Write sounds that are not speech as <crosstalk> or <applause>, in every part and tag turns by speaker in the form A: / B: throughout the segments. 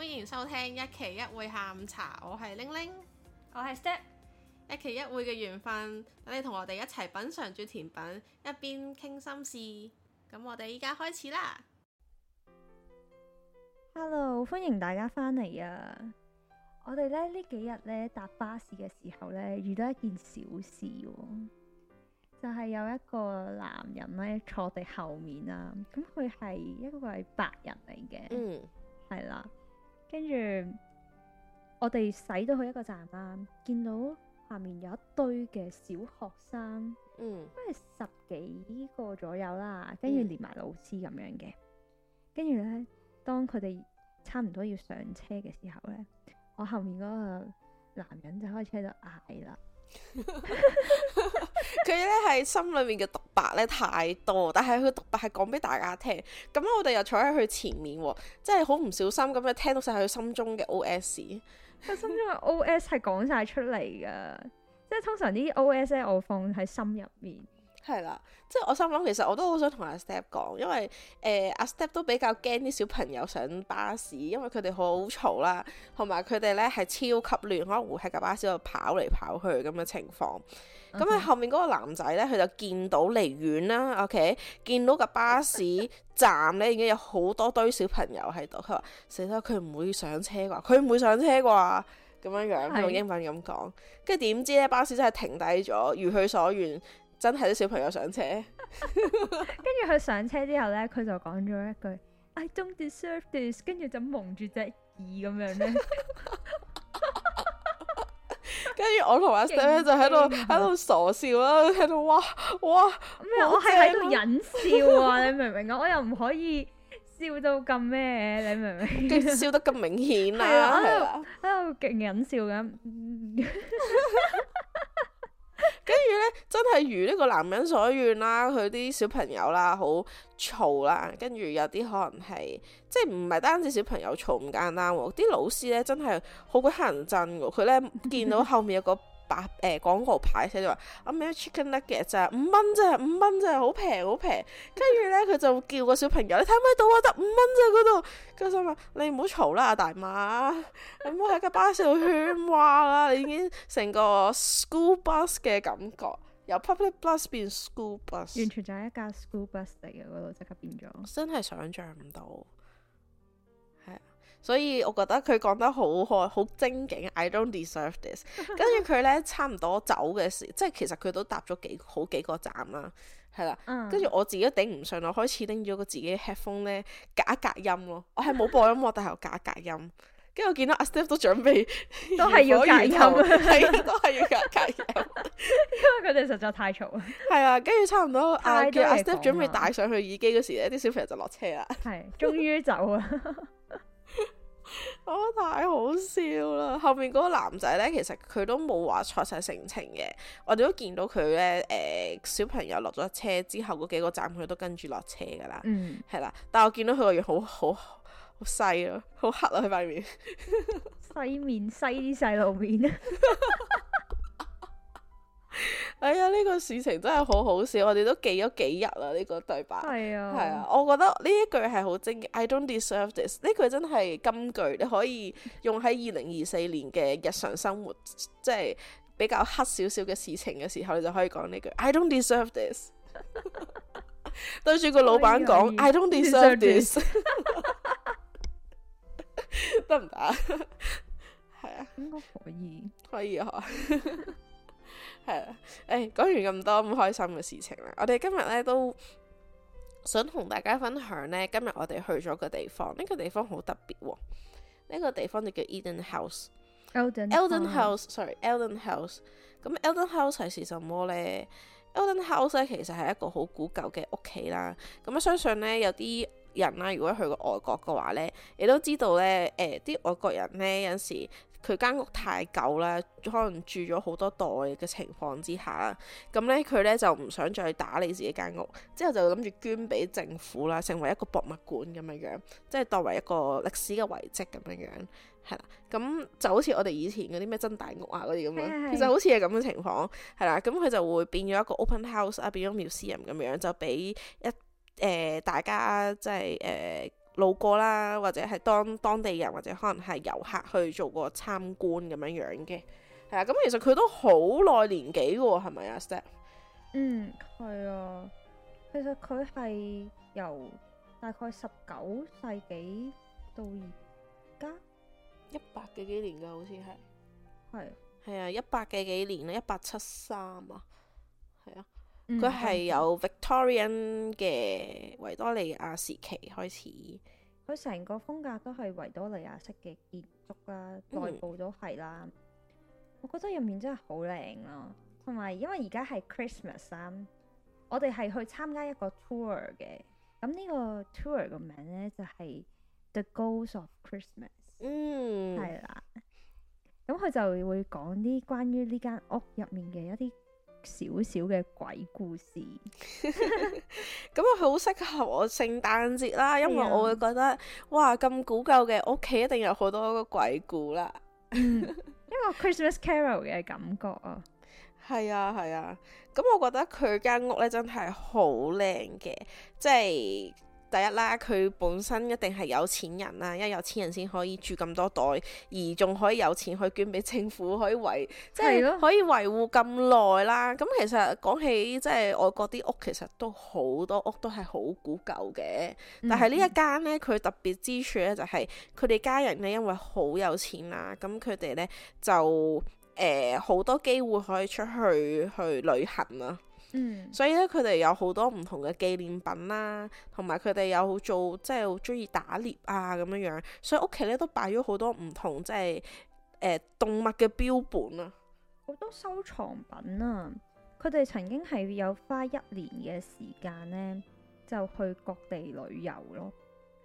A: 歡迎收聽一期一會下午茶，我係玲玲，我係是 Step，一期一會嘅緣分，等你同我哋一齊品嘗住甜品，一邊傾心事。咁我哋依家開始啦。
B: Hello，歡迎大家翻嚟啊！我哋咧呢幾日咧搭巴士嘅時候咧，遇到一件小事，就係、是、有一個男人咧坐我哋後面啊。咁佢係一位白人嚟嘅，嗯，係啦。跟住，我哋駛到去一個站啦，見到下面有一堆嘅小學生，嗯，都係十幾個左右啦，跟住、嗯、連埋老師咁樣嘅，跟住咧，當佢哋差唔多要上車嘅時候咧，我後面嗰個男人就開始喺度嗌啦。
A: 佢咧係心裏面嘅獨白咧太多，但係佢獨白係講俾大家聽。咁我哋又坐喺佢前面，即係好唔小心咁樣聽到晒佢心中嘅 OS，佢 <laughs> 心中嘅 OS 係講晒出嚟噶，
B: 即係通常啲 OS 即係我放喺心入面。
A: 係啦，即係我心諗，其實我都好想同阿 Step 講，因為誒阿、呃、Step 都比較驚啲小朋友上巴士，因為佢哋好嘈啦，同埋佢哋咧係超級亂，可能會喺架巴士度跑嚟跑去咁嘅情況。咁啊，後面嗰個男仔咧，佢就見到離遠啦，OK，見到架巴士站咧 <laughs> 已經有好多堆小朋友喺度，佢話死啦，佢唔會上車啩，佢唔會上車啩，咁樣樣的用英文咁講。跟住點知咧，巴士真係停低咗，如佢所願。真係啲小朋友上車，
B: 跟住佢上車之後咧，佢就講咗一句 I don't deserve this，跟住就蒙住隻耳咁樣咧。跟 <laughs> 住 <laughs> 我同阿 Sam 就喺度喺度
A: 傻笑啦，喺度哇哇咩？麼哇啊、我係喺度忍笑啊！你
B: 明唔明啊？ <laughs> 我又唔可以笑到咁咩？你明唔明？跟住， <laughs> 笑得
A: 咁明顯啊！喺度
B: 喺度勁忍笑咁、啊。
A: 跟住咧，真係如呢個男人所願啦，佢啲小朋友啦好嘈啦，跟住有啲可能係即係唔係單止小朋友嘈唔簡單喎，啲老師咧真係好鬼黑人憎嘅，佢咧見到後面有個。把誒、呃、廣告牌寫住話，American chicken nugget 咋五蚊咋五蚊咋好平好平。跟住咧，佢 <noise> 就叫個小朋友，你睇唔睇到啊？得五蚊咋嗰度？跟住就話你唔好嘈啦，阿大媽， <laughs> 你唔好喺架巴士度喧嘩啦。 <laughs> 你已經成個 school bus 嘅感覺，由 public bus 變 school bus，完
B: 全就係一架 school bus 嚟嘅嗰度，即刻變咗、嗯，真係想像唔到。
A: 所以我覺得佢講得好好，好精警。I don't deserve this。跟住佢咧，差唔多走嘅時， <laughs> 即係其實佢都搭咗幾好幾個站啦，係啦。跟住、嗯、我自己都頂唔順，我開始拎咗個自己 headphone 咧，隔隔音咯。我係冇播音， <laughs> 但我但係有假隔音。跟住我見到阿 Steph 都準備， <laughs> 都係要隔音，係 <laughs> <laughs> 都係要隔隔
B: 音， <laughs> 因為佢哋實在太嘈。
A: 係啊， <laughs> <laughs> 跟住 <laughs> 差唔多，叫阿 Steph 準備帶上去耳機嗰時咧，啲小朋友就落車啦。係， <laughs> 終於走啦！ <laughs> 我、 <laughs> 哦、太好笑啦！後面嗰個男仔咧，其實佢都冇話錯晒性情嘅，我哋都見到佢咧，誒、呃，小朋友落咗車之後嗰幾個站佢都跟住落車噶啦，係啦、嗯。但係我見到佢個樣好好好細咯，好、啊、黑啊，佢塊面
B: 細 <laughs> 面細啲細路面。 <laughs> <laughs>
A: 哎呀，呢、這個事情真係好好笑，我哋都記咗幾日啦呢個對白。係啊，係啊，我覺得呢一句係好精嘅。I don't deserve this，呢句真係金句，你可以用喺二零二四年嘅日常生活，即係比較黑少少嘅事情嘅時候，你就可以講呢句。I don't deserve this。對住個老闆講，I don't deserve this，得唔得？係啊，應該可以，this，可以嗬。 <laughs> 誒，講、哎、完咁多唔開心嘅事情啦，我哋今日咧都想同大家分享咧，今日我哋去咗個地方，呢個地方好特別喎、哦，呢個地方就叫 Eden
B: House，Eldon
A: House，sorry，Eldon House，咁 Eldon House 係是什麼咧？Eldon House 咧其實係一個好古舊嘅屋企啦，咁啊相信咧有啲人啦，如果去過外國嘅話咧，亦都知道咧，誒、呃，啲外國人咧有陣時。佢間屋太舊啦，可能住咗好多代嘅情況之下啦，咁咧佢咧就唔想再打理自己間屋，之後就諗住捐俾政府啦，成為一個博物館咁樣樣，即係作為一個歷史嘅遺跡咁樣樣，係啦，咁就好似我哋以前嗰啲咩真大屋啊嗰啲咁樣，Hi. 其實好似係咁嘅情況，係啦，咁佢就會變咗一個 open house 啊，變咗 museum 咁樣，就俾一誒、呃、大家即係誒。路過啦，或者係當當地人，或者可能係遊客去做個參觀咁樣樣嘅，係啊。咁其實佢都好耐年紀喎，係咪啊？Step，
B: 嗯，係啊。其實佢係、嗯、由大概十九世紀到而家一
A: 百幾幾年㗎，好似係係係啊，一百幾幾年啦，一八七三啊，
B: 係啊。
A: 佢係由、嗯、Victorian 嘅維多利
B: 亞時期開始，佢成、嗯、個風格都係維多利亞式嘅建築啦、啊，內部、嗯、都係啦。我覺得入面真係好靚咯，同埋因為而家係 Christmas 啊，我哋係去參加一個 tour 嘅，咁呢個 tour 嘅名咧就係、是、The Ghost of Christmas，嗯，係啦。咁佢就會講啲關於呢間屋入面嘅一啲少少嘅鬼故事，咁啊
A: 好適合我聖誕節啦，啊、因為我會覺得哇咁古舊嘅屋企一定有好多嗰個鬼故啦， <laughs> 嗯、一個 Christmas Carol 嘅感覺啊，係啊係啊，咁、啊、我覺得佢間屋咧真係好靚嘅，即係。第一啦，佢本身一定係有錢人啦，因為有錢人先可以住咁多袋，而仲可以有錢去捐俾政府，可以維即係可以維護咁耐啦。咁的其實講起即係外國啲屋，其實都好多屋都係好古舊嘅，嗯、但係呢一間咧，佢特別之處咧就係佢哋家人咧，因為好有錢啦，咁佢哋咧就誒好、呃、多機會可以出去去旅行啦。嗯，所以咧，佢哋有好多唔同嘅紀念品啦，啊，同埋佢哋有做即係好中意打獵啊，咁樣樣，所以屋企咧都擺咗好多唔同即係誒、呃、動物嘅標本啊，
B: 好多收藏品啊。佢哋曾經係有花一年嘅時間咧，就去各地旅遊咯。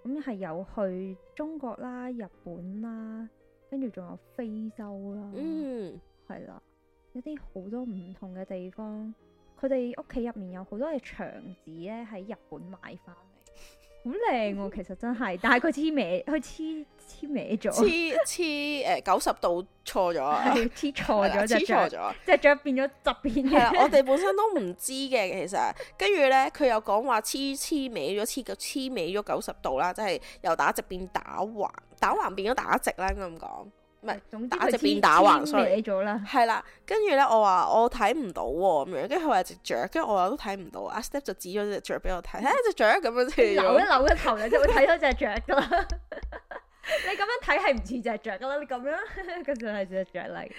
B: 咁係有去中國啦、日本啦，跟住仲有非洲啦，嗯，係啦，有啲好多唔同嘅地方。佢哋屋企入面有好多嘅牆紙咧，喺日本買翻嚟，好靚喎，其實真係，但係佢黐歪，佢黐黐歪咗，黐
A: 黐誒九十度錯咗，
B: 黐錯咗，黐錯咗，即係變咗側邊。
A: 係啊，我哋本身都唔知嘅，其實，跟住咧佢又講話黐黐歪咗，黐個黐歪咗九十度啦，即係由打直變打橫，打橫變咗打直啦，咁講。唔係，總之打只邊千打橫衰咗啦。係啦 Sorry，跟住咧，我話我睇唔到喎，咁樣跟住佢話隻雀，跟住我話都睇唔到。阿 Step 就指咗隻雀俾我睇，嚇隻、 <laughs> 欸、
B: 雀咁樣先扭一扭個頭， <laughs> 你就會睇到隻雀噶啦。 <laughs> 你咁樣睇係唔似隻雀噶啦，你咁樣跟住係隻雀嚟。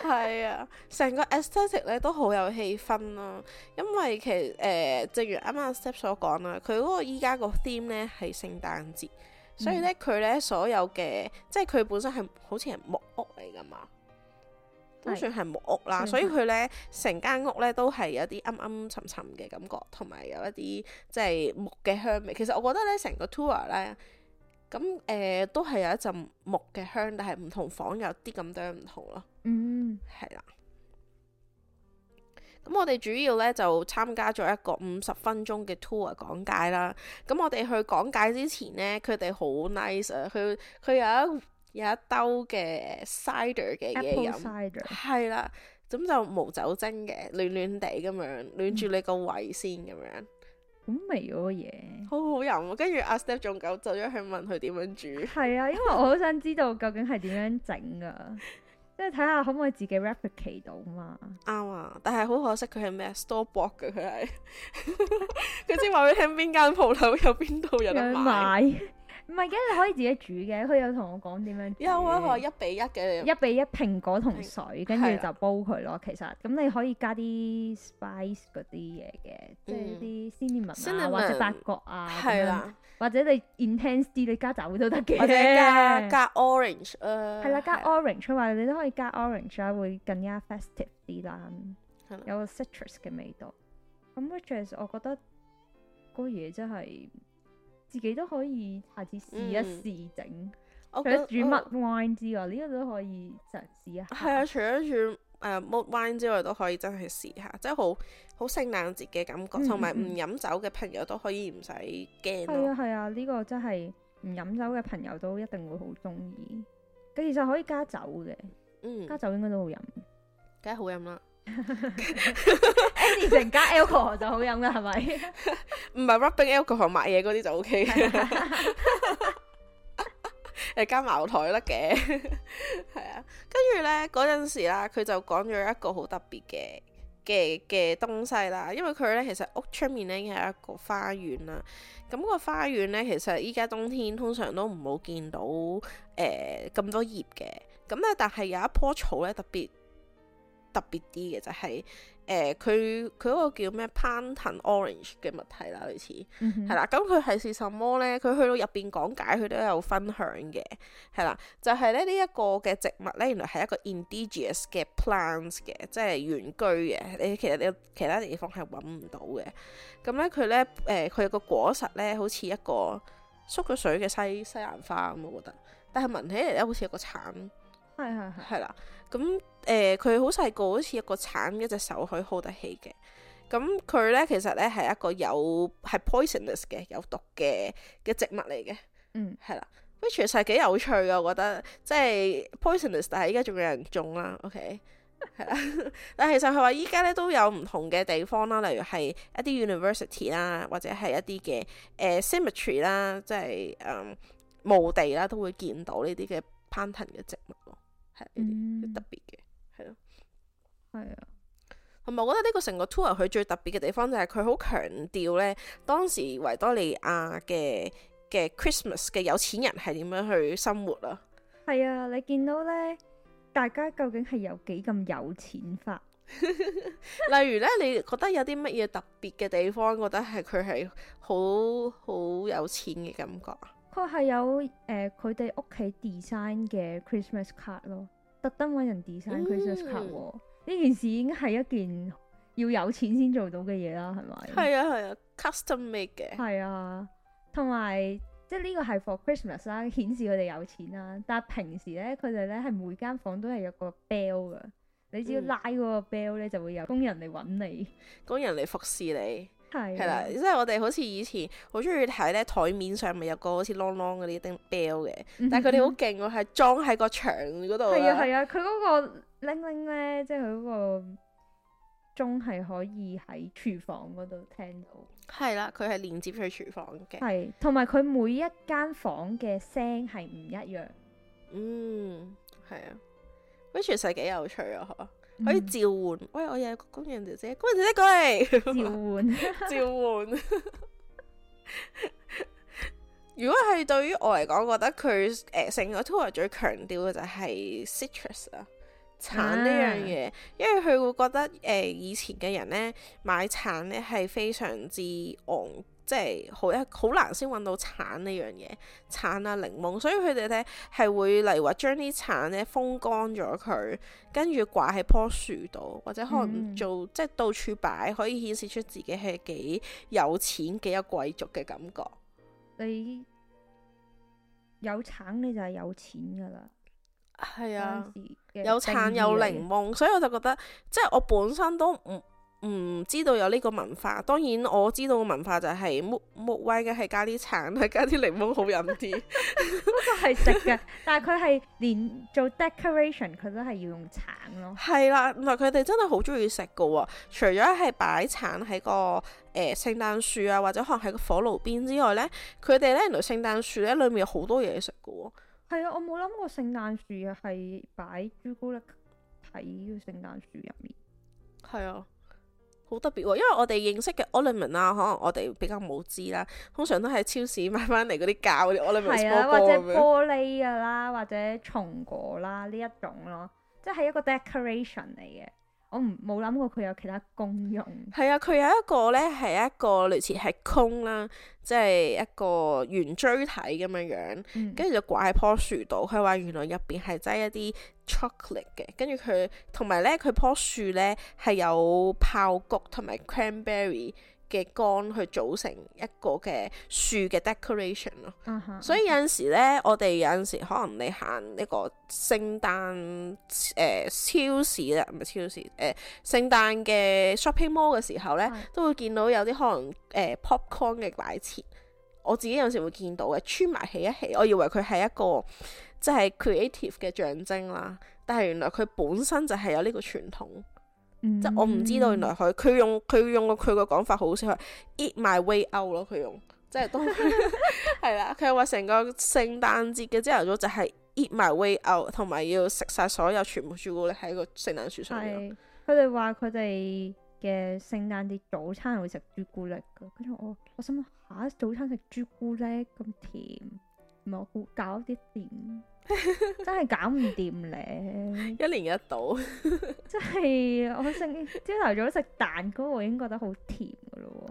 B: 係啊，成個
A: aesthetic 咧都好有氣氛咯，因為其誒、呃，正如啱啱阿 Step 所講啦，佢嗰個依家個 theme 咧係聖誕節。所以咧，佢咧所有嘅，即係佢本身係好似係木屋嚟噶嘛，
B: 都算係
A: 木屋啦。嗯、哼所以佢咧成間屋咧都係有啲暗暗沉沉嘅感覺，同埋有一啲即係木嘅香味。其實我覺得咧，成個 tour 咧，咁誒、呃、都係有一陣木嘅香，但係唔同房有啲咁多唔同咯。
B: 嗯，
A: 係啦。咁我哋主要咧就參加咗一個五十分鐘嘅 tour 講解啦。咁我哋去講解之前咧，佢哋好 nice 啊，佢佢有一有一兜嘅 cider 嘅嘢飲。係 啦，咁就無酒精嘅，暖暖地咁樣暖住你個胃先咁樣。
B: 嗯、好味嗰個嘢，
A: 好好飲。跟住阿 Step 仲夠走咗去問佢點樣煮。係
B: 啊，因為我好想知道 <laughs> 究竟係點樣整㗎。即係睇下可唔可以自己 replicate 到嘛？啱、嗯、啊，但係好可惜
A: 佢係咩 store box 噶佢係，佢 <laughs> 先話俾你聽邊間鋪頭有邊度人買，
B: 唔係嘅你可以自己煮嘅，佢有同我講點樣煮，有啊，啊，一比一嘅，一比一蘋果同水，跟住是就煲佢咯。啊、其實咁你可以加啲 spice 嗰啲嘢嘅，嗯、即係啲 cinnamon 或者八角啊，係啦、啊。或者你 intense 啲，你加酒都得嘅， <laughs> 加加 orange，誒係、呃、啦，加 orange 出嚟啦你都可以加 orange 啊，會更加 festive 啲啦，嗎有個 citrus 嘅味道。咁 which is 我覺得嗰嘢真係自己都可以下次試一試整。嗯除咗煮木 wine 之外，呢個都可以嘗試一
A: 下。係啊，除咗煮誒木 wine 之外，都可以真係試下，即係好好聖誕節嘅感覺，同埋唔飲酒嘅朋友都可以唔使驚咯。係啊，
B: 係啊，呢個真係唔飲酒嘅朋友都一定會好中意。佢其實可以加酒嘅，嗯，加酒應該都好飲，
A: 梗係好飲啦。
B: Anything 加 alcohol 就好飲啦，係咪？唔係 rubbing
A: alcohol 買嘢嗰啲就 OK。誒加茅台咧嘅，係 <laughs> 啊，跟住咧嗰陣時啦，佢就講咗一個好特別嘅嘅嘅東西啦。因為佢咧其實屋出面咧已經係一個花園啦，咁、嗰個花園咧其實依家冬天通常都唔好見到誒咁、呃、多葉嘅，咁咧但係有一棵草咧特別特別啲嘅就係、係。誒佢佢嗰個叫咩？攀藤 an orange 嘅物體啦，類似係啦。咁佢係是什麼咧？佢去到入邊講解，佢都有分享嘅，係啦。就係咧呢一個嘅植物咧，原來係一個 indigenous 嘅 plants 嘅，即係原居嘅。你其實你其他地方係揾唔到嘅。咁咧佢咧誒佢有個果實咧，好似一個縮咗水嘅西西蘭花咁，我覺得。但係聞起嚟咧，好似一個橙。係係係，係啦。咁 <noise> 誒，佢好細個，好似一個橙，一隻手可以 hold 得起嘅。咁佢咧，其實咧係一個有係 poisonous 嘅有毒嘅嘅植物嚟嘅。嗯，係啦 w 其實係幾有趣嘅。我覺得即係 poisonous，但係依家仲有人種啦。OK，係啦。 <laughs> <laughs> 但係其實佢話依家咧都有唔同嘅地方啦，例如係一啲 university 啦，或者係一啲嘅誒 cemetery 啦，即係誒、嗯、墓地啦，都會見到呢啲嘅攀藤嘅植物。嗯，特別嘅係咯，係啊，同埋我覺得呢個成個 tour 佢最特別嘅地方就係佢好強調咧，當時維多利亞嘅嘅 Christmas 嘅有錢人係點樣去生活啊？
B: 係啊，你見到咧，大家究竟係有幾咁有錢法？
A: <laughs> <laughs> 例如咧，你覺得有啲乜嘢特別嘅地方？覺得係佢係好好有錢嘅感覺啊？
B: 佢係有誒佢、呃、哋屋企 design 嘅 Christmas card 咯，特登搵人 design Christmas card 喎，呢、嗯、件事已經係一件要有錢先做到嘅嘢啦，係咪？係啊，係啊，custom made 嘅。係啊，同埋、啊啊、即係呢個係 for Christmas 啦，顯示佢哋有錢啦。但係平時咧，佢哋咧係每間房都係有個 bell 㗎，你只要拉嗰個 bell 咧，就會有工人嚟搵你、嗯，
A: 工人嚟服侍你。係啦，即係 <music> 我哋好似以前好中意睇咧，台面上咪有個好似啷啷嗰啲叮 bell 嘅，但係佢哋好勁喎，係裝喺個牆嗰度。係啊係
B: 啊，佢嗰個鈴鈴咧，即係佢嗰個鐘係可以喺廚房嗰度聽到。
A: 係啦，佢係連接去廚房嘅。係，
B: 同埋佢每一間房嘅聲係唔一樣。嗯，係啊
A: ，which 其實幾有趣啊，吓。可以召喚，喂！我又有個工人姐姐，工人姐姐過嚟。召喚， <laughs> 召喚。 <laughs> 如果係對於我嚟講，覺得佢，誒，成、呃、個 tour 最強調嘅就係 citrus 啊，橙呢樣嘢，啊、因為佢會覺得，誒、呃，以前嘅人咧買橙咧係非常之昂貴。即係好一好難先揾到橙呢樣嘢，橙啊檸檬，所以佢哋咧係會例如話將啲橙咧風乾咗佢，跟住掛喺樖樹度，或者可能做、嗯、即係到處擺，可以顯示出自己係幾有錢、幾有貴族
B: 嘅感覺。你有橙你就係有錢噶啦，係啊，有橙有檸
A: 檬，所以我就覺得，即係我本身都唔。唔、嗯、知道有呢個文化，當然我知道個文化就係木木
B: 威嘅係加啲橙，係加啲檸檬好飲啲，都係食嘅。但係佢係連做 decoration 佢都係要用橙咯。係啦，唔係佢哋真係好中意
A: 食嘅喎。除咗係擺橙喺個誒聖誕樹啊，或者可能喺個火爐邊之外咧，佢哋咧原來聖誕樹咧裡面有好多嘢食嘅喎。
B: 係啊，我冇諗過聖誕樹係擺朱古力喺個聖誕樹入面。係啊。好特別
A: 喎，因為我哋認識嘅 o l l i v e r 可能我哋比較冇知啦，通常都喺超市買翻嚟嗰啲膠嗰啲 o l l i v 或者玻
B: 璃啊啦，或者松果啦，呢一種咯，即係一個 decoration 嚟嘅。我唔冇諗過佢有其他功用。
A: 係啊，佢有一個咧，係一個類似係空啦，即係一個圓錐體咁樣樣，跟住、嗯、就掛喺樖樹度。佢話原來入邊係擠一啲 chocolate 嘅，跟住佢同埋咧佢樖樹咧係有爆谷同埋 cranberry。嘅杆去組成一個嘅樹嘅 decoration 咯，嗯、哼所以有陣時咧，我哋有陣時可能你行呢個聖誕誒、呃、超市啦，唔係超市誒、呃、聖誕嘅 shopping mall 嘅時候咧，嗯、都會見到有啲可能誒、呃、popcorn 嘅擺設，我自己有時會見到嘅，穿埋起一起，我以為佢係一個即係 creative 嘅象徵啦，但係原來佢本身就係有呢個傳統。 <noise> 即係我唔知道，原來佢佢用佢用過佢個講法，好似係 eat my way out 咯。佢用
B: 即係當係啦，
A: 佢話成個聖誕節嘅朝頭早就係、是、eat my way out，同埋要食晒所有全部朱古力喺個聖誕樹上邊。
B: 佢哋話佢哋嘅聖誕節早餐會食朱古力㗎，跟住我我心諗吓早餐食朱古力咁甜。唔係好搞啲掂， <laughs> 真係搞唔掂咧。 <laughs> 一年連一度 <laughs> 真，真係我食朝頭早食蛋糕我已經覺得好甜噶咯，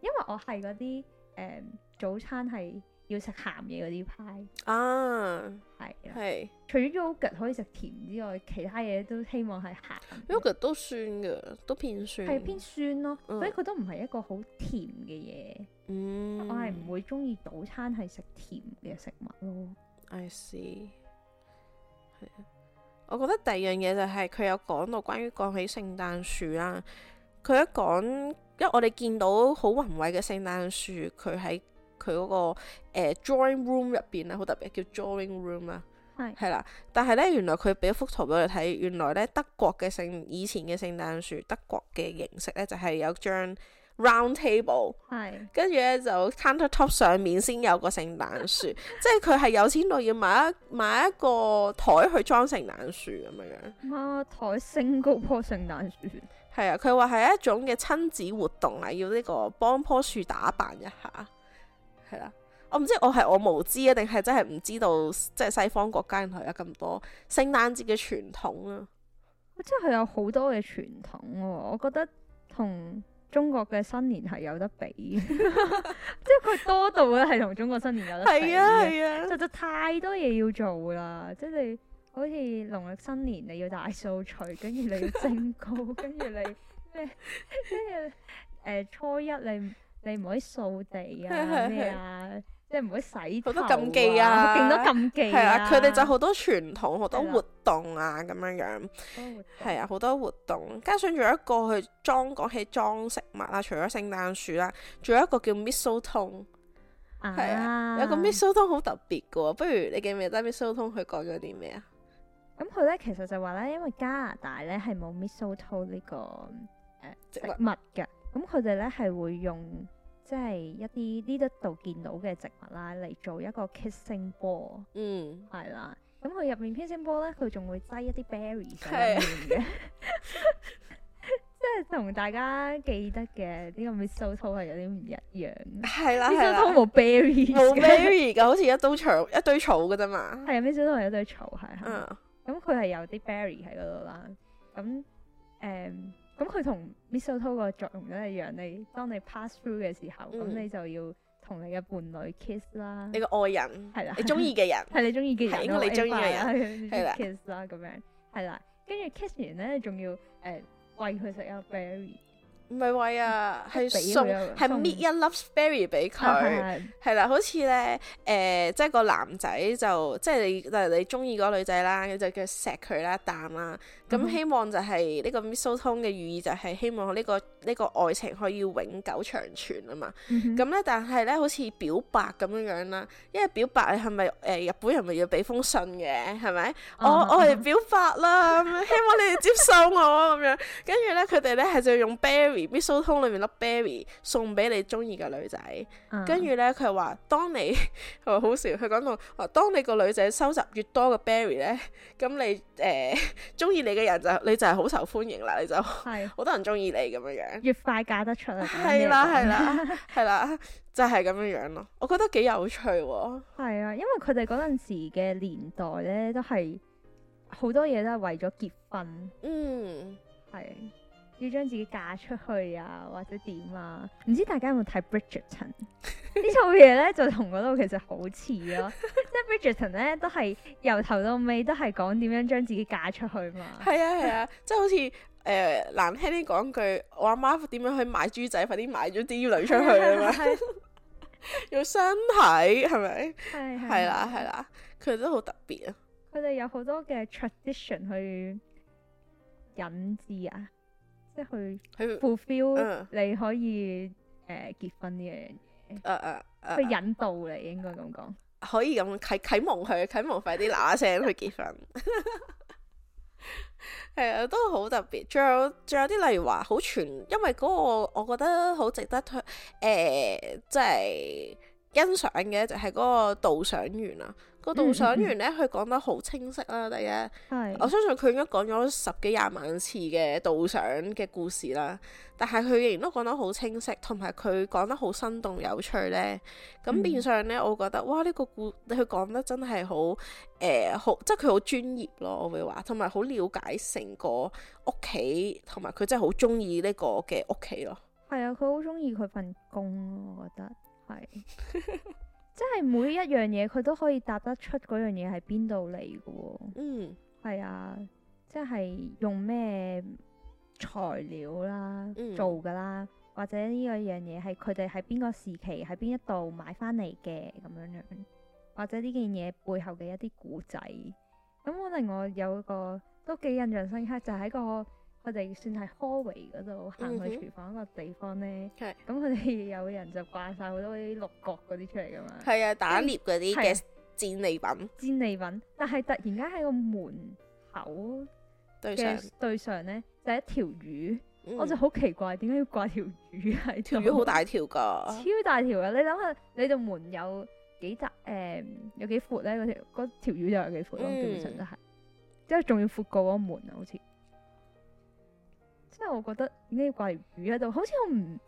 B: 因為我係嗰啲誒早餐係要食鹹嘢嗰啲派啊，係啊的，係是。除咗 yogurt 可以食甜之外，其他嘢都希望係鹹。yogurt 都酸
A: 噶，都偏酸，係偏
B: 酸咯，所以佢都唔係一個好甜嘅嘢。嗯，我係唔會中意早餐係食甜嘅食物咯。I see，
A: 係啊。我覺得第二樣嘢就係、是、佢有講到關於講起聖誕樹啦。佢一講，因為我哋見到好宏偉嘅聖誕樹，佢喺佢嗰個誒 drawing room 入邊咧，好特別叫 drawing room 啊，的，係係啦。但係呢，原來佢俾一幅圖俾我哋睇，原來呢，德國嘅聖以前嘅聖誕樹，德國嘅形式呢，就係、是、有張。Round table，係跟住咧就 counter top 上面先有個聖誕樹， <laughs> 即係佢係有錢到要買一買一個台去裝聖誕樹咁樣。
B: 買台升高棵聖誕樹，
A: 係啊！佢話係一種嘅親子活動啊，要呢個幫棵樹打扮一下。係啦、啊，我唔知我係我無知啊，定係真係唔知道，即係西方國家入面
B: 有咁多聖誕節嘅傳統啊！啊真係有好多嘅傳統喎、啊，我覺得同中國嘅新年係有得比， <laughs> 即係佢多到咧，係同中國新年有得比。係啊係啊，實在、啊、太多嘢要做啦！即係好似農曆新年，你要大掃除，跟住你要蒸糕，跟住 <laughs> 你咩？跟住誒初一你，你你唔可以掃地啊咩 <laughs> 啊？ <laughs> <laughs> 即係唔好使好多禁忌啊，好、啊、多禁忌係啊！佢哋、啊、就好多
A: 傳統，好的多活動啊，咁樣樣係啊，好多活動。活動加上仲有一個去裝，講起裝飾物啊，除咗聖誕樹啦，仲有一個叫 mistletoe，
B: 係啊，有個
A: mistletoe 好特別噶。不如你記唔記得 mistletoe 佢講咗
B: 啲咩啊？咁佢咧其實就話咧，因為加拿大咧係冇 mistletoe 呢個誒植物嘅，咁佢哋咧係會用。即係一啲呢度度見到嘅植物啦，嚟做一個 kissing ball 嗯。嗯，係啦、嗯。咁佢入面 kissing ball 咧，佢仲會擠一啲 berry 上面嘅。即係同大家記得嘅呢、這個 mistletoe 係有啲唔一樣。係啦，mistletoe
A: 冇 berry，冇 berry 噶， <laughs> 好似一刀長一堆草噶啫嘛。
B: 係 mistletoe 係一堆草，係、啊。咁佢係有啲 berry 喺嗰度啦。咁，誒、嗯。嗯咁佢同 mistletoe 個作用都一樣，你當你 pass through 嘅時候，咁、嗯、你就要同你嘅伴侶 kiss 啦，你個愛人係啦的， <laughs> 你中意嘅人係你中意嘅人，應該你中意嘅人去 kiss 啦，咁的樣係啦，跟住 kiss 完咧仲要誒餵佢食一 berry。
A: 唔係，喂啊，係送係搣一粒 berry 俾佢，係啦，好似咧誒，即係個男仔就即係你，例如你中意嗰個女仔啦，你就叫錫佢啦、啖啦，咁希望就係呢個 mistletoe 嘅寓意就係希望呢個呢個愛情可以永久長存啊嘛。咁咧，但係咧好似表白咁樣樣啦，因為表白係咪誒日本人咪要俾封信嘅係咪？我我嚟表白啦，希望你哋接受我啊咁樣，跟住咧佢哋咧係就用 berry。Baby 蘇通裏面粒 berry 送俾你中意嘅女仔，跟住咧佢係話，當你呵呵好笑，佢講到話，當你個女仔收集越多嘅 berry 咧，咁你誒中意你嘅人就你就係好受歡迎啦，你就係好是多人中意你咁樣樣，
B: 越快嫁得出嚟。係啦係啦係啦，
A: 就係、是、咁樣樣咯。我覺得幾有趣，
B: 係啊，因為佢哋嗰陣時嘅年代咧，都係好多嘢都係為咗結婚，嗯係。要將自己嫁出去啊，或者點啊？唔知大家有冇睇《Bridgerton》呢套嘢咧？就同我諗其實好似咯，即係《Bridgerton》咧都係由頭到尾都係講點樣將自己嫁出去嘛。係啊係啊，即係好似誒難聽啲
A: 講句，我阿媽點樣去賣豬仔，快啲賣咗啲女出去啊嘛。
B: 用身體係咪？係係啦係啦，佢哋都好特別啊。佢哋有好多嘅 tradition 去引致啊。人去 fulfil、uh，你可以誒結婚呢樣嘢，誒誒誒，去引導你應該咁講，
A: 可以咁啟啟蒙佢，啟蒙快啲嗱嗱聲去結婚，係 <laughs> 啊 <laughs> <laughs> <laughs> <laughs> 對，都好特別。仲有仲有啲例如話好全，因為嗰個我覺得好值得推，誒、呃，即、就、係、是。欣賞嘅就係嗰個導賞員啊，個導賞員咧，佢講得好清晰啦， <laughs> 第一， <noise> 我相信佢應該講咗十幾廿萬次嘅導賞嘅故事啦，但係佢仍然都講得好清晰，同埋佢講得好生動有趣咧。咁變相咧，嗯、我覺得哇，呢、這個故佢講得真係好誒，好即係佢好專業咯，我會話，同埋好了解成個屋企，同埋佢真係好中意呢個嘅屋企咯。
B: 係啊，佢好中意佢份工咯，我覺得。係， <laughs> 即係每一樣嘢佢都可以答得出嗰樣嘢係邊度嚟嘅喎。嗯，係啊，即係用咩材料啦，嗯、做噶啦，或者呢個樣嘢係佢哋喺邊個時期喺邊一度買翻嚟嘅咁樣樣，或者呢件嘢背後嘅一啲古仔。咁我令我有個都幾印象深刻，就喺、是、個。佢哋算係 hallway 嗰度行去廚房嗰個地方咧，咁佢哋有人就掛晒好多啲六角嗰啲出嚟噶嘛，係啊，打獵嗰啲嘅戰利品。戰利品，但係突然間喺個門口對上對上咧，就是、一條魚，嗯、我就好奇怪，點解要掛條魚啊？條魚好大條噶，超大條噶，你諗下，你度門有幾窄？誒、嗯，有幾闊咧？嗰條嗰條魚就有幾闊咯，基本上都係，即係仲要闊過嗰個門啊，好似。因為我覺得點解掛條魚喺、啊、度，好似好唔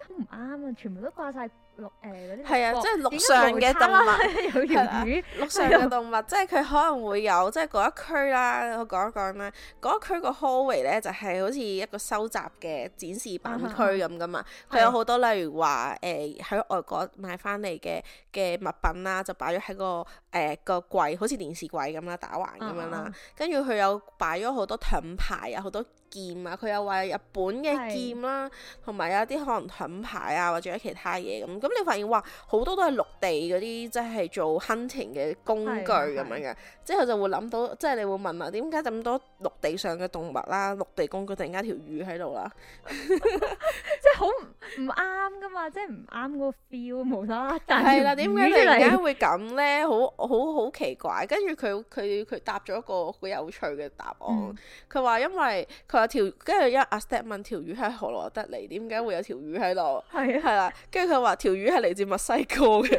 B: 好唔啱啊！全部都掛晒陸誒嗰啲，係、呃、啊，即係陸上嘅動物，有，啊、 <laughs> 有魚。陸、啊、上嘅動
A: 物， <laughs> 即係佢可能會有，即係嗰一區啦。我講一講啦，嗰一區個 hallway 咧就係好似一個收集嘅展示品區咁噶嘛。佢、uh huh. 有好多，例如話誒喺外國買翻嚟嘅嘅物品啦，就擺咗喺個誒、呃、個櫃，好似電視櫃咁啦，打橫咁樣啦。跟住佢有擺咗好多盾牌啊，好多。劍啊，佢又話日本嘅劍啦、啊，同埋對有一啲可能盾牌啊，或者其他嘢咁。咁你發現話好多都係陸地嗰啲，即係做 hunting 嘅工具咁樣嘅。的之後就會諗到，對即係你會問啊，點解咁多陸地上嘅動物啦、啊，陸地工具突然間條魚喺度啦？ <laughs>
B: <laughs> 即係好唔啱噶嘛，即係唔啱嗰個 feel，冇但係啦，點解你點解
A: 會咁咧？ <laughs> 好好好奇怪。跟住佢佢佢答咗一個好有趣嘅答案。佢話 <noise> 因為條，跟住一阿 Step 問條魚喺何羅得嚟？點解會有條魚喺度？係啊是呀，係啦。跟住佢話條魚係嚟自墨西哥嘅。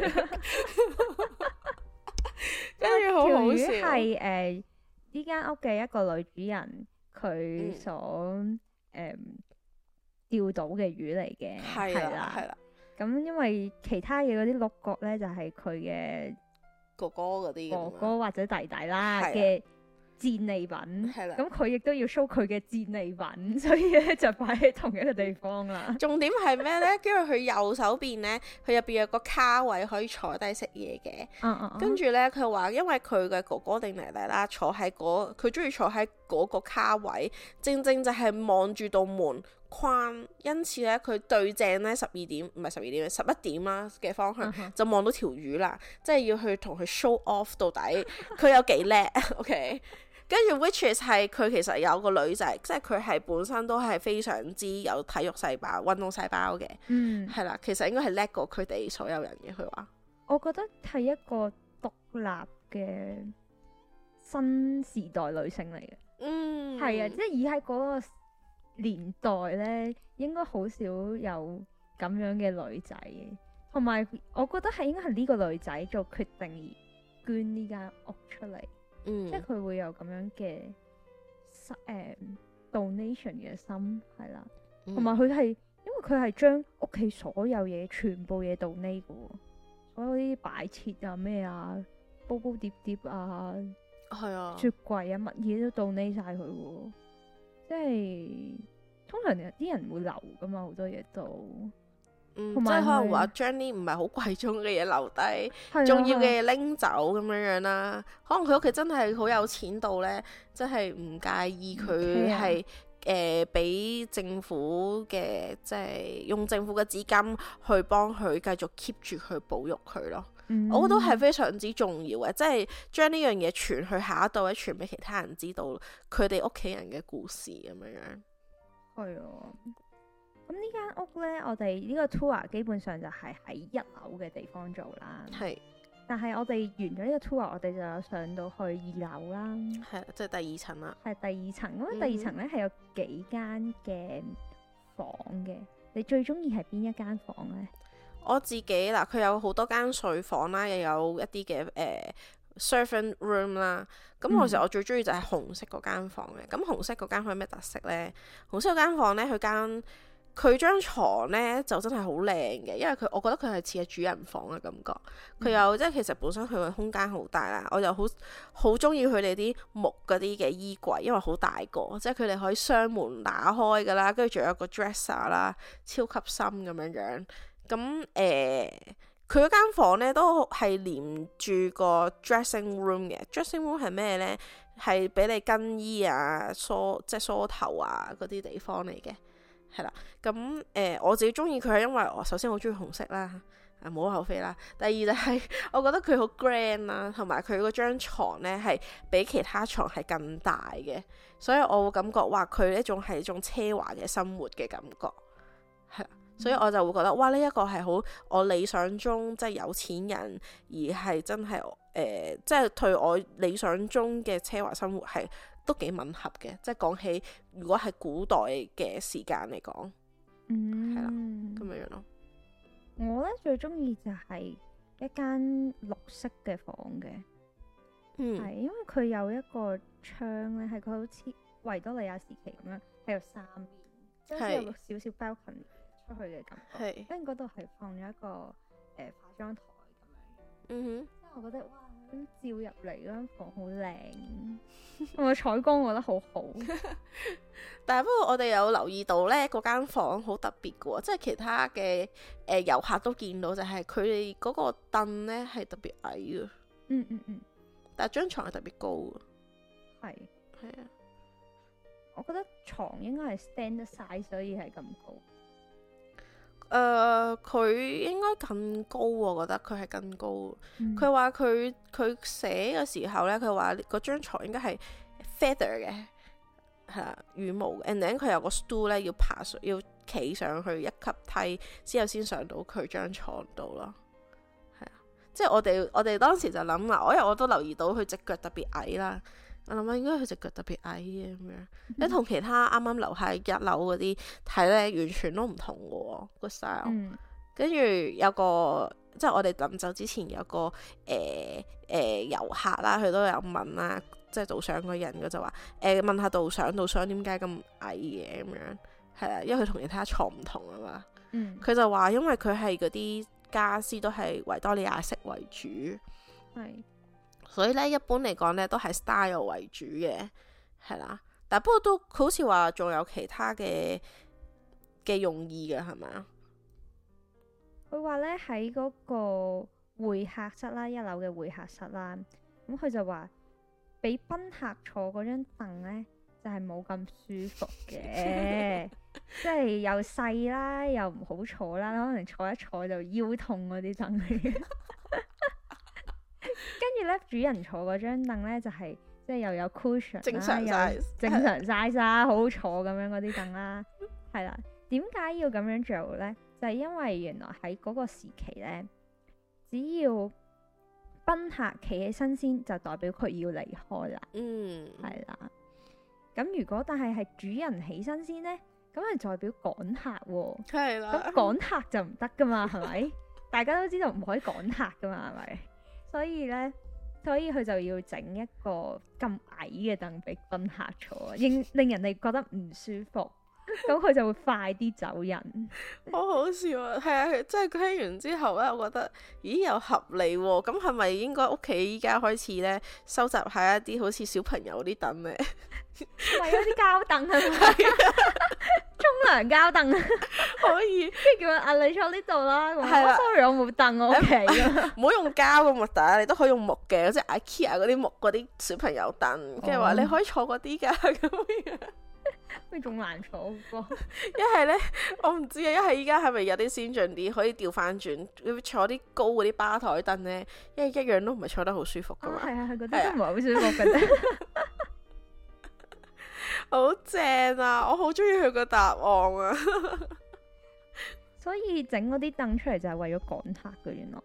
A: 跟
B: 住是、啊、 <laughs> 好好，係誒呢間屋嘅一個女主人佢所誒釣、嗯嗯、到嘅魚嚟嘅。係啦、啊，係啦、啊。咁、啊嗯、因為其他嘢嗰啲鹿角咧就係佢嘅
A: 哥哥嗰啲哥哥
B: 或者弟弟啦嘅。戰利品，係啦的，咁佢亦都要 show 佢嘅戰利品，所以咧就擺喺同一個地方啦。
A: 重點係咩咧？跟住佢右手邊咧，佢入邊有個卡位可以坐低食嘢嘅，跟住咧佢話，因為佢嘅哥哥定弟弟啦，坐喺嗰佢中意坐喺嗰個卡位，正正就係望住道門框，因此咧佢對正咧十二點，唔係十二點，十一點啦嘅方向、嗯、哼就望到條魚啦，即係要去同佢 show off 到底佢 <laughs> 有幾叻，OK？跟住 which is 係佢其實有個女仔，即係佢係本身都係非常之有體育細胞、運動細胞嘅，嗯，係啦。其實應該係叻過佢哋所有人嘅
B: 佢話。我覺得係一個獨立嘅新時代女性嚟嘅，嗯，係啊，即係以喺嗰個年代咧，應該好少有咁樣嘅女仔嘅。同埋我覺得係應該係呢個女仔做決定而捐呢間屋出嚟。即係佢會有咁樣嘅誒，uh，donation 嘅心係啦，同埋佢係因為佢係將屋企所有嘢全部嘢 donate 嘅喔，所有啲擺設啊咩啊，煲煲碟碟啊，係啊，雪櫃啊，乜嘢都 donate 晒佢喔，即係通常啲人會留噶嘛，好多嘢都。嗯、即係可能話
A: 將啲唔係好貴重嘅嘢留低，重、啊、要嘅嘢拎走咁樣樣啦。啊、可能佢屋企真係好有錢到呢，即係唔介意佢係誒俾政府嘅，即係用政府嘅資金去幫佢繼續 keep 住去保育佢咯。啊、我覺得係非常之重要嘅，即係將呢樣嘢傳去下一代，傳俾其他人知道佢哋屋企人嘅故事咁樣樣。係啊。
B: 呢間屋咧，我哋呢個 tour 基本上就係喺一樓嘅地方做啦。係，但係我哋完咗呢個 tour，我哋就上到去二樓啦。係，即、就、係、是、第二層啦。係第二層，咁第二層咧係、嗯、有幾間嘅房嘅。你最中意係邊一間房咧？
A: 我自己嗱，佢有好多間水房啦，又有一啲嘅誒 servant room 啦。
B: 咁、嗯，嗰時我
A: 最中意就係紅色嗰間房嘅。咁紅色嗰間房有咩特色咧？紅色嗰間房咧，佢間，間。佢張床咧就真係好靚嘅，因為佢我覺得佢係似係主人房嘅感覺。佢又即係其實本身佢個空間好大啦，我又好好中意佢哋啲木嗰啲嘅衣櫃，因為好大個，即係佢哋可以雙門打開噶啦，跟住仲有個 dresser 啦，超級深咁樣樣。咁、嗯、誒，佢嗰間房咧都係連住個 dressing room 嘅，dressing room 係咩咧？係俾你更衣啊、梳即係梳頭啊嗰啲地方嚟嘅。係啦，咁誒、呃，我自己中意佢係因為我首先好中意紅色啦，係無可厚非啦。第二就係、是、我覺得佢好 grand 啦，同埋佢嗰張床咧係比其他床係更大嘅，所以我會感覺哇，佢呢種係一種奢華嘅生活嘅感覺，係所以我就會覺得哇，呢、這、一個係好我理想中即係、就是、有錢人而，而係真係誒，即、就、係、是、對我理想中嘅奢華生活係都幾吻合嘅，即係講起如果係古代嘅時間嚟講，
B: 嗯，係啦，咁樣樣咯。我咧最中意就係一間綠色嘅房嘅，嗯，係因為佢有一個窗咧，係佢好似維多利亞時期咁樣，係有三面，是即係有少少 balcony 出去嘅感覺，跟住嗰度係放咗一個誒、呃、化妝台咁樣，嗯哼，即係我覺得。哇照入嚟啦，間房好靚，我埋採光我覺得好好。 <laughs> 但
A: 係不過我哋有留意到呢，嗰間房好特別噶，哦，即係其他嘅、誒遊客都見到就係佢哋嗰個凳呢係特別矮噶，嗯嗯嗯，但係張床係特別高噶，
B: 係係啊，Yeah. 我覺得床應該係 standard size，所以係咁高。誒，佢、uh，
A: 應該更高，我覺得佢係更高。佢話佢佢寫嘅時候呢，佢話嗰張床應該係 feather 嘅，係啦，羽毛嘅。and then 佢有個 stool 呢，要爬上，要企上去一級梯之後先上到佢張床度咯。係啊，即係我哋我哋當時就諗喇，我因為我都留意到佢隻腳特別矮啦。我諗諗，應該佢隻腳特別矮嘅咁樣，即係同、嗯、其他啱啱留喺一樓嗰啲睇咧，完全都唔同嘅、嗰個 style。嗯、跟住有個，即係我哋臨走之前有個誒誒遊客啦，佢都有問啦，即係導賞嗰人佢就話，誒、呃、問下導賞導賞點解咁矮嘅咁樣，係啦，因為佢同其他床唔同啊嘛。佢、嗯、就話因為佢係嗰啲家私都係維多利亞式為主。係、嗯。嗯所以咧，一般嚟講咧，都係 style 為主嘅，係啦。但不過都好似話，仲有其他嘅嘅用意嘅，係咪啊？
B: 佢話咧，喺嗰個會客室啦，一樓嘅會客室啦，咁佢就話俾賓客坐嗰張凳咧，就係冇咁舒服嘅， <laughs> 即係又細啦，又唔好坐啦，可能坐一坐就腰痛嗰啲凳嚟嘅。 <laughs> 跟住咧，主人坐嗰張凳咧，就係、是、即係又有 cushion，、啊、正常曬，正常曬曬、啊，是的 好好坐咁樣嗰啲凳啦，係啦。點解要咁樣做咧？就係、是、因為原來喺嗰個時期咧，只要賓客企起身先，就代表佢要離開啦。嗯，係啦。咁如果但係係主人起身先咧，咁係代表趕客、啊，係啦。趕客就唔得噶嘛，係咪？大家都知道唔可以趕客噶嘛，係咪？所以呢，所以佢就要整一個咁矮嘅凳俾賓客坐啊，令令人哋覺得唔舒服。咁佢就會快啲走人，
A: 好好笑啊！係啊，即係聽完之後咧，我覺得，咦又合理，咁係咪應該屋企依家開始咧收集下一啲好似小朋友啲凳咧？
B: 係嗰啲膠凳係咪？沖涼膠凳可以，即係叫阿你坐呢度啦。係啦，sorry 我冇凳我屋企。
A: 唔好用膠嘅木凳，你都可以用木嘅，即係 IKEA 嗰啲木嗰啲小朋友凳，跟住話你可
B: 以坐嗰啲噶咁樣。咩仲難坐，一
A: 係咧我唔知啊，一係依家係咪有啲先進啲，可以調翻轉，要坐啲高嗰啲吧台凳咧，因為一樣都唔係坐得好舒服噶嘛，
B: 係啊，係嗰啲都唔係
A: 好舒服嘅，好正啊！我好中意佢個答案啊，
B: <laughs> 所以整嗰啲凳出嚟就係為咗趕客嘅，原來。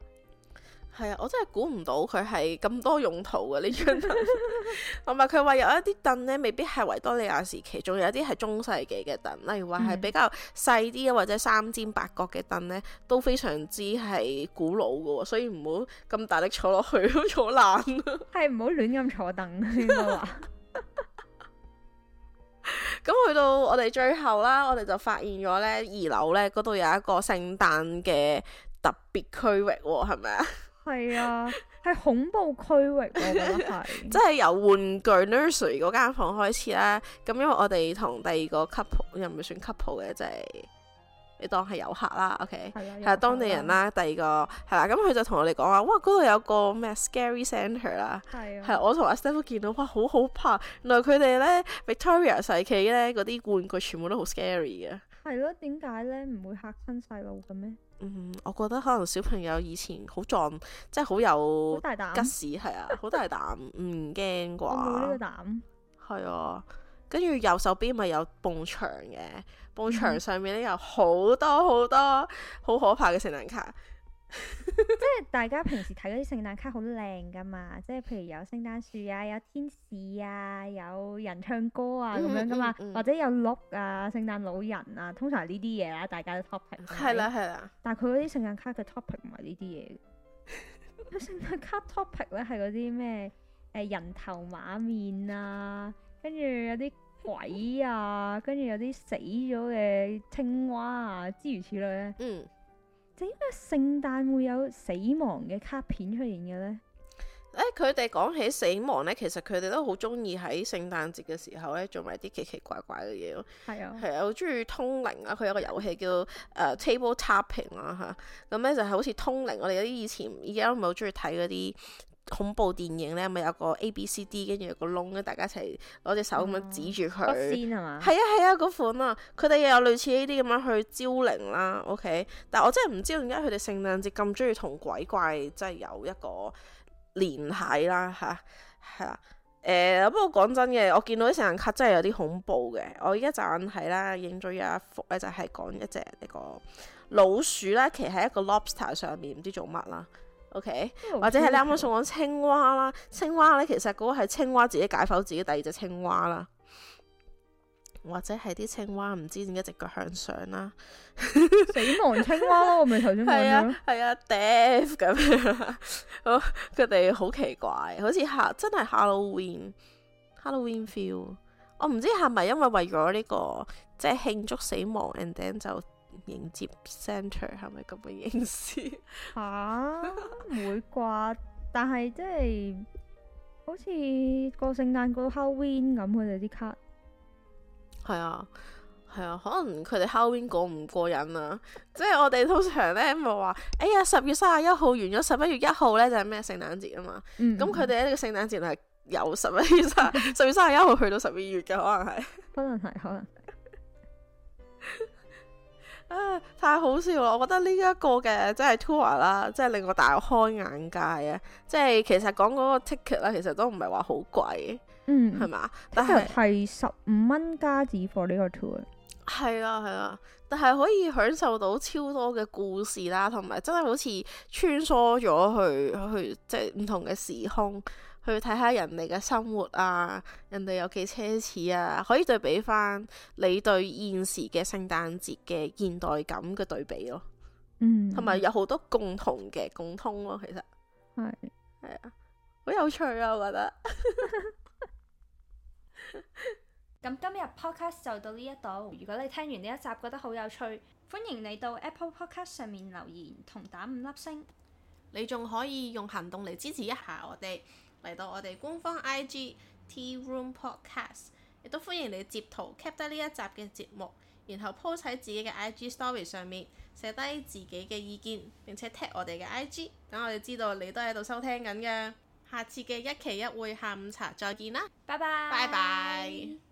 A: 係啊，我真係估唔到佢係咁多用途嘅呢張凳。同埋佢話有一啲凳呢，未必係維多利亞時期，仲有一啲係中世紀嘅凳。例如話係比較細啲啊，或者三尖八角嘅凳呢，都非常之係古老嘅。所以唔好咁大力坐落去，都 <laughs> 坐爛
B: 了。係唔好亂咁坐凳。
A: 咁去到我哋最後啦，我哋就發現咗呢二樓呢嗰度有一個聖誕嘅特別區域，係咪啊？
B: <laughs> 係 <laughs> 啊，係恐怖區域我覺得係，
A: 即係由玩具 <laughs> nursery 嗰間房間開始啦。咁因為我哋同第二個 couple 又唔係算 couple 嘅，就係、是、你當係遊客啦。OK，係、啊、當地人啦。啊、第二個係啦，咁佢、啊、就同我哋講話，哇，嗰度有個咩 scary center 啦、啊。係、啊，係我同阿 Steph 見到哇，好好怕。原來佢哋咧 Victoria 時期咧，嗰啲玩具全部都好 scary 嘅。
B: 係咯、啊，點解咧唔會嚇親細路嘅咩？
A: 嗯，我覺得可能小朋友以前好壯，即係好有吉士係啊，好大膽，唔驚啩。大膽 <laughs> 我冇呢個膽。係啊，跟住右手邊咪有蹦牆嘅，蹦牆 <laughs> 上面咧有好多好多好可怕嘅成人卡。
B: <laughs> 即係大家平時睇嗰啲聖誕卡好靚噶嘛，即係譬如有聖誕樹啊，有天使啊，有人唱歌啊咁、嗯、樣噶嘛，嗯嗯、或者有鹿啊、聖誕老人啊，通常係呢啲嘢啦，大家嘅 topic 係啦係啦。啦但係佢嗰啲聖誕卡嘅 topic 唔係呢啲嘢，聖誕卡 topic 咧係嗰啲咩誒人頭馬面啊，跟住有啲鬼啊，跟住有啲死咗嘅青蛙啊，諸如此類咧。嗯點解聖誕會有死亡嘅卡片出現嘅咧？
A: 誒、欸，佢哋講起死亡咧，其實佢哋都好中意喺聖誕節嘅時候咧做埋啲奇奇怪怪嘅嘢
B: 咯。係啊，係啊，
A: 好中意通靈啊！佢有一個遊戲叫誒、呃、table tapping 啊吓，咁咧就係好似通靈。我哋有啲以前而家都唔係好中意睇嗰啲恐怖電影咧，咪有個 A D，有個、B、C、D，跟住個窿，跟大家一齊攞隻手咁樣指住佢。個先係嘛？係啊係啊，嗰款啊，佢哋、啊、又有類似呢啲咁樣去招靈啦。OK，但我真係唔知點解佢哋聖誕節咁中意同鬼怪即係有一個聯繫啦。吓？係啦、啊。誒、呃，不過講真嘅，我見到啲聖誕卡真係有啲恐怖嘅。我而家就眼睇啦，影咗一幅咧，就係講一隻呢個老鼠其騎喺一個 lobster 上面，唔知做乜啦。O Okay. K，Okay. 或者係你啱啱送講青蛙啦，青蛙呢其實嗰個係青蛙自己解剖自己第二隻青蛙啦，或者係啲青蛙唔知點解隻腳向上啦， <laughs>
B: 死亡青蛙 <laughs> 我咪頭先問，
A: 係啊係啊，death 咁樣， <laughs> 好，佢哋好奇怪，好似吓真係 Halloween Halloween feel，我唔知係咪因為為咗呢個即係慶祝死亡 and then 就。迎接 centre 係咪咁嘅意思
B: 啊？唔會啩， <laughs> 但係即係好似過聖誕過 halloween 咁，佢哋啲卡
A: 係啊係啊， <laughs> 嗯 <laughs> 嗯 <laughs> 嗯、 <laughs> 可能佢哋 halloween 過唔過癮啊，即係我哋通常咧咪話哎呀十月三十一號完咗，十一月一號咧就係咩聖誕節啊嘛，咁佢哋呢個聖誕節係由十一月三十一月三十一號去到十二月嘅可能係是，
B: 可能係可能。
A: 啊，太好笑啦！我覺得呢一個嘅即係 tour 啦，即係令我大開眼界啊！即係其實講嗰個 ticket 啦，其實都唔係話好貴，嗯，係嘛？
B: 但係係十五蚊加紙貨呢個 tour，
A: 係啦係啦，但係、嗯、可以享受到超多嘅故事啦，同埋真係好似穿梭咗去去即係唔同嘅時空。去睇下人哋嘅生活啊，人哋有幾奢侈啊，可以對比翻你對現時嘅聖誕節嘅現代感嘅對比咯。
B: 同埋、嗯、有
A: 好多共同嘅共通咯，其實係係啊，好是有趣啊，我覺得。
B: 咁 <laughs> <laughs> 今日 podcast 就到呢一度，如果你聽完呢一集覺得好有趣，歡迎你到 Apple Podcast 上面留言同打五粒星，你仲可以用行動嚟支持一下我哋。嚟到我哋官方 IG Tea
A: Room Podcast，亦都歡迎你截圖，cap 得呢一集嘅節目，然後 po 喺自己嘅 IG Story 上面，寫低自己嘅意見，並且 tag 我哋嘅 IG，等我哋知道你都喺度收聽緊嘅。下次嘅一期一會下午茶，再見啦，拜拜，拜拜。